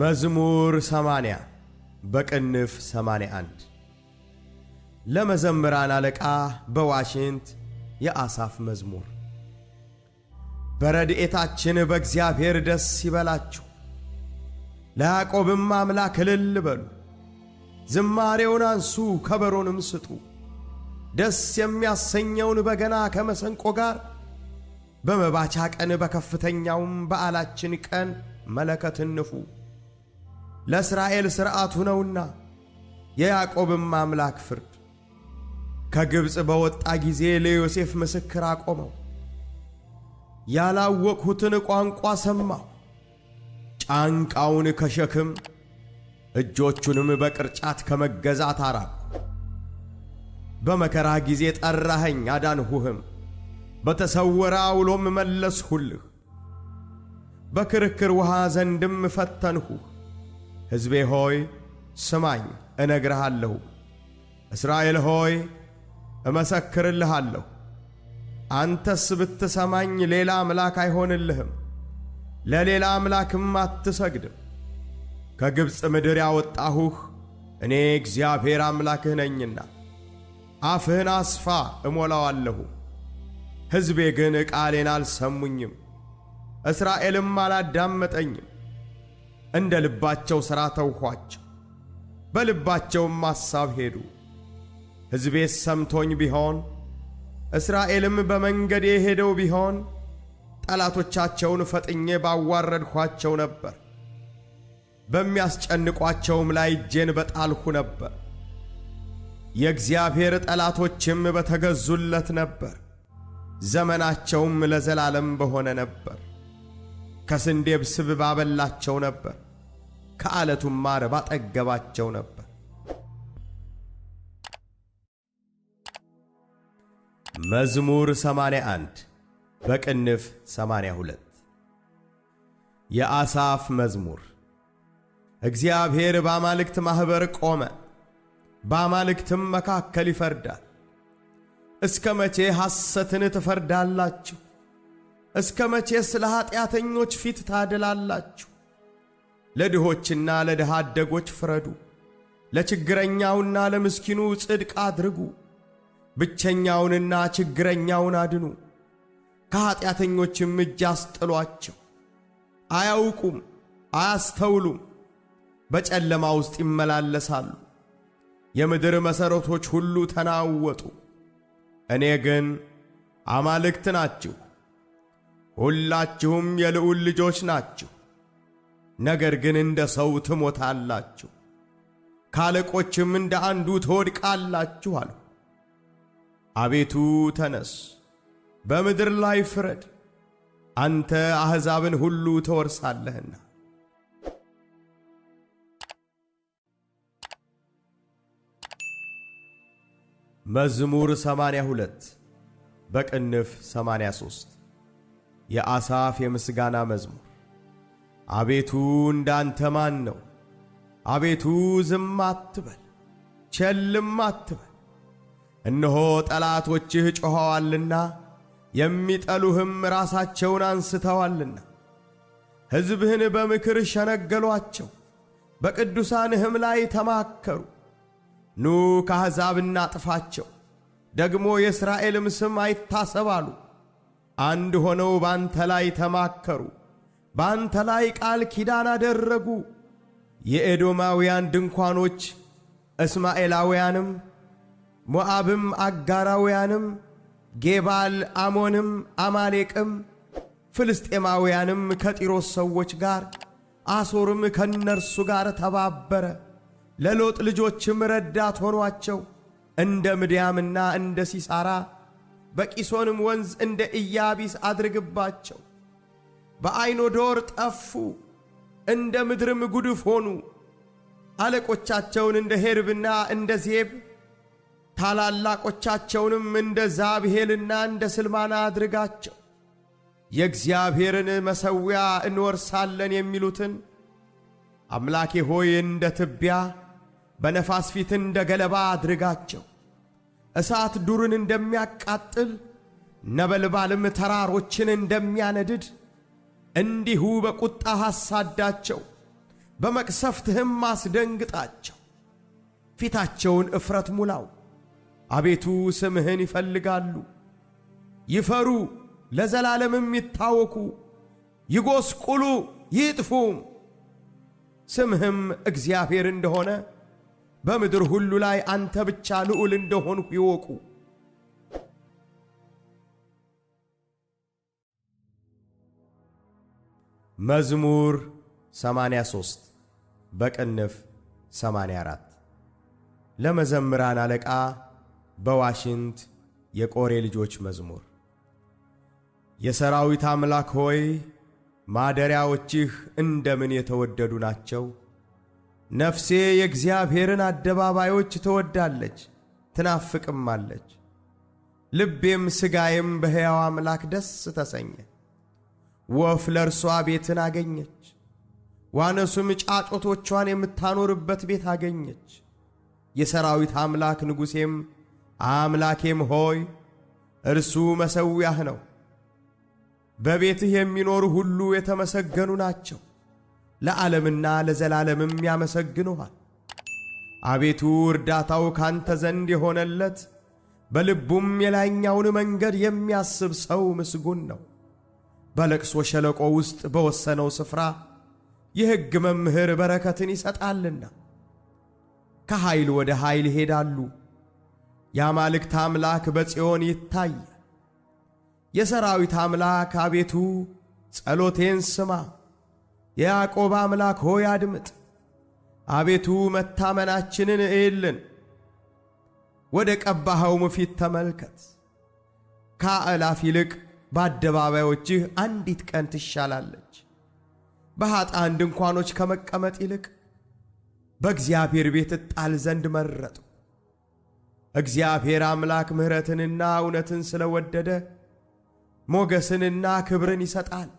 መዝሙር 80 በቅንፍ 81 ለመዘምራን አለቃ በዋሽንት የአሳፍ መዝሙር። በረድኤታችን በእግዚአብሔር ደስ ይበላችሁ፣ ለያዕቆብም አምላክ እልል በሉ። ዝማሬውን አንሱ፣ ከበሮንም ስጡ፣ ደስ የሚያሰኘውን በገና ከመሰንቆ ጋር። በመባቻ ቀን በከፍተኛውም በዓላችን ቀን መለከትን ንፉ። ለእስራኤል ሥርዓቱ ነውና የያዕቆብም አምላክ ፍርድ። ከግብፅ በወጣ ጊዜ ለዮሴፍ ምስክር አቆመው። ያላወቅሁትን ቋንቋ ሰማሁ። ጫንቃውን ከሸክም እጆቹንም በቅርጫት ከመገዛት አራቅ። በመከራ ጊዜ ጠራኸኝ አዳንሁህም፣ በተሰወረ አውሎም መለስሁልህ፣ በክርክር ውሃ ዘንድም ፈተንሁህ። ሕዝቤ ሆይ ስማኝ፣ እነግርሃለሁ። እስራኤል ሆይ እመሰክርልሃለሁ። አንተስ ብትሰማኝ ሌላ አምላክ አይሆንልህም፣ ለሌላ አምላክም አትሰግድም። ከግብፅ ምድር ያወጣሁህ እኔ እግዚአብሔር አምላክህ ነኝና። አፍህን አስፋ እሞላዋለሁ። ሕዝቤ ግን ቃሌን አልሰሙኝም፣ እስራኤልም አላዳመጠኝም። እንደ ልባቸው ሥራ ተውኋቸው፣ በልባቸውም አሳብ ሄዱ። ሕዝቤስ ሰምቶኝ ቢሆን እስራኤልም በመንገዴ ሄደው ቢሆን ጠላቶቻቸውን ፈጥኜ ባዋረድኋቸው ነበር፣ በሚያስጨንቋቸውም ላይ እጄን በጣልሁ ነበር። የእግዚአብሔር ጠላቶችም በተገዙለት ነበር፣ ዘመናቸውም ለዘላለም በሆነ ነበር። ከስንዴብ ስብብ አበላቸው ነበር፣ ከዓለቱም ማር ባጠገባቸው ነበር። መዝሙር 81 በቅንፍ 82 የአሳፍ መዝሙር። እግዚአብሔር በአማልክት ማኅበር ቆመ፣ በአማልክትም መካከል ይፈርዳል። እስከ መቼ ሐሰትን ትፈርዳላችሁ? እስከ መቼ ስለ ኀጢአተኞች ፊት ታደላላችሁ? ለድሆችና ለድሃ አደጎች ፍረዱ፣ ለችግረኛውና ለምስኪኑ ጽድቅ አድርጉ። ብቸኛውንና ችግረኛውን አድኑ፣ ከኀጢአተኞችም እጅ አስጥሏቸው። አያውቁም፣ አያስተውሉም፣ በጨለማ ውስጥ ይመላለሳሉ። የምድር መሠረቶች ሁሉ ተናወጡ። እኔ ግን አማልክት ናችሁ ሁላችሁም የልዑል ልጆች ናችሁ፤ ነገር ግን እንደ ሰው ትሞታላችሁ፣ ካለቆችም እንደ አንዱ ትወድቃላችሁ አሉ። አቤቱ ተነስ፣ በምድር ላይ ፍረድ፤ አንተ አሕዛብን ሁሉ ትወርሳለህና። መዝሙር 82 በቅንፍ 83 የአሳፍ የምስጋና መዝሙር። አቤቱ እንዳንተ ማን ነው? አቤቱ ዝም አትበል፣ ቸልም አትበል። እነሆ ጠላቶችህ ጮኸዋልና የሚጠሉህም ራሳቸውን አንስተዋልና። ሕዝብህን በምክር ሸነገሏቸው፣ በቅዱሳንህም ላይ ተማከሩ። ኑ ከአሕዛብ እናጥፋቸው፣ ደግሞ የእስራኤልም ስም አይታሰብ አሉ። አንድ ሆነው ባንተ ላይ ተማከሩ፣ ባንተ ላይ ቃል ኪዳን አደረጉ። የኤዶማውያን ድንኳኖች፣ እስማኤላውያንም፣ ሞዓብም፣ አጋራውያንም፣ ጌባል፣ አሞንም፣ አማሌቅም፣ ፍልስጤማውያንም ከጢሮስ ሰዎች ጋር አሶርም ከነርሱ ጋር ተባበረ። ለሎጥ ልጆችም ረዳት ሆኗቸው እንደ ምድያምና እንደ ሲሳራ በቂሶንም ወንዝ እንደ ኢያቢስ አድርግባቸው። በአይኖ ዶር ጠፉ፣ እንደ ምድርም ጉድፍ ሆኑ። አለቆቻቸውን እንደ ሄርብና እንደ ዜብ ታላላቆቻቸውንም እንደ ዛብሄልና እንደ ስልማና አድርጋቸው። የእግዚአብሔርን መሠዊያ እንወርሳለን የሚሉትን አምላኬ ሆይ እንደ ትቢያ በነፋስ ፊት እንደ ገለባ አድርጋቸው። እሳት ዱርን እንደሚያቃጥል ነበልባልም ተራሮችን እንደሚያነድድ እንዲሁ በቁጣህ አሳዳቸው፣ በመቅሰፍትህም አስደንግጣቸው። ፊታቸውን እፍረት ሙላው፣ አቤቱ ስምህን ይፈልጋሉ። ይፈሩ ለዘላለምም ይታወኩ፣ ይጎስቁሉ ይጥፉም። ስምህም እግዚአብሔር እንደሆነ በምድር ሁሉ ላይ አንተ ብቻ ልዑል እንደሆንሁ ይወቁ። መዝሙር 83 በቅንፍ 84 ለመዘምራን አለቃ በዋሽንት የቆሬ ልጆች መዝሙር። የሰራዊት አምላክ ሆይ ማደሪያዎችህ እንደምን የተወደዱ ናቸው! ነፍሴ የእግዚአብሔርን አደባባዮች ትወዳለች ትናፍቅማለች። ልቤም ሥጋዬም በሕያው አምላክ ደስ ተሰኘ። ወፍ ለእርሷ ቤትን አገኘች፣ ዋነሱም ጫጩቶቿን የምታኖርበት ቤት አገኘች። የሰራዊት አምላክ ንጉሴም አምላኬም ሆይ እርሱ መሠዊያህ ነው። በቤትህ የሚኖሩ ሁሉ የተመሰገኑ ናቸው። ለዓለምና ለዘላለምም ያመሰግኑሃል። አቤቱ እርዳታው ካንተ ዘንድ የሆነለት በልቡም የላይኛውን መንገድ የሚያስብ ሰው ምስጉን ነው። በለቅሶ ሸለቆ ውስጥ በወሰነው ስፍራ የሕግ መምህር በረከትን ይሰጣልና። ከኃይል ወደ ኃይል ይሄዳሉ፣ የአማልክት አምላክ በጽዮን ይታይ። የሰራዊት አምላክ አቤቱ ጸሎቴን ስማ። የያዕቆብ አምላክ ሆይ አድምጥ። አቤቱ መታመናችንን እይልን። ወደ ቀባኸውም ፊት ተመልከት። ከአእላፍ ይልቅ በአደባባዮችህ አንዲት ቀን ትሻላለች። በኀጣን ድንኳኖች ከመቀመጥ ይልቅ በእግዚአብሔር ቤት እጣል ዘንድ መረጡ። እግዚአብሔር አምላክ ምሕረትንና እውነትን ስለወደደ ሞገስንና ክብርን ይሰጣል።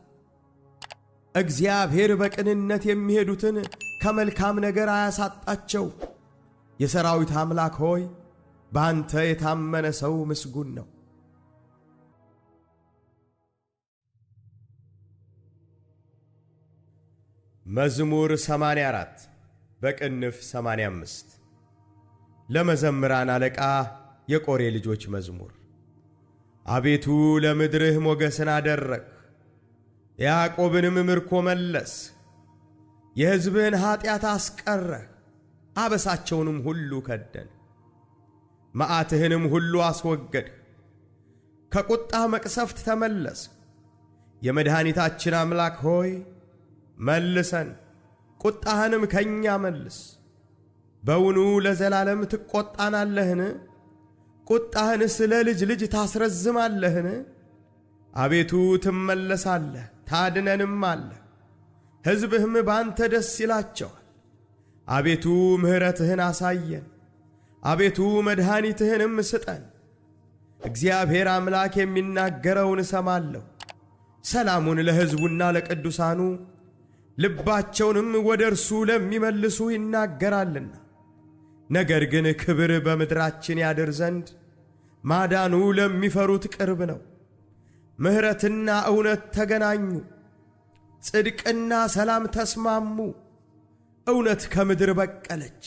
እግዚአብሔር በቅንነት የሚሄዱትን ከመልካም ነገር አያሳጣቸው። የሰራዊት አምላክ ሆይ በአንተ የታመነ ሰው ምስጉን ነው። መዝሙር 84 በቅንፍ 85 ለመዘምራን አለቃ የቆሬ ልጆች መዝሙር። አቤቱ ለምድርህ ሞገስን አደረግ የያዕቆብንም ምርኮ መለስ የሕዝብህን ኀጢአት አስቀረህ። አበሳቸውንም ሁሉ ከደን መዓትህንም ሁሉ አስወገድህ። ከቁጣ መቅሰፍት ተመለስ የመድኃኒታችን አምላክ ሆይ መልሰን፣ ቁጣህንም ከእኛ መልስ። በውኑ ለዘላለም ትቈጣናለህን? ስለ ልጅ ልጅ ታስረዝማለህን? አቤቱ ትመለሳለህ ታድነንም አለ። ሕዝብህም ባንተ ደስ ይላቸዋል። አቤቱ ምሕረትህን አሳየን፣ አቤቱ መድኃኒትህንም ስጠን። እግዚአብሔር አምላክ የሚናገረውን እሰማለሁ። ሰላሙን ለሕዝቡና ለቅዱሳኑ ልባቸውንም ወደ እርሱ ለሚመልሱ ይናገራልና። ነገር ግን ክብር በምድራችን ያድር ዘንድ ማዳኑ ለሚፈሩት ቅርብ ነው። ምሕረትና እውነት ተገናኙ፣ ጽድቅና ሰላም ተስማሙ። እውነት ከምድር በቀለች፣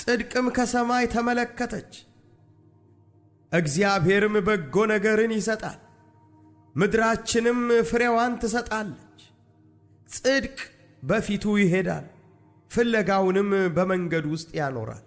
ጽድቅም ከሰማይ ተመለከተች። እግዚአብሔርም በጎ ነገርን ይሰጣል፣ ምድራችንም ፍሬዋን ትሰጣለች። ጽድቅ በፊቱ ይሄዳል፣ ፍለጋውንም በመንገድ ውስጥ ያኖራል።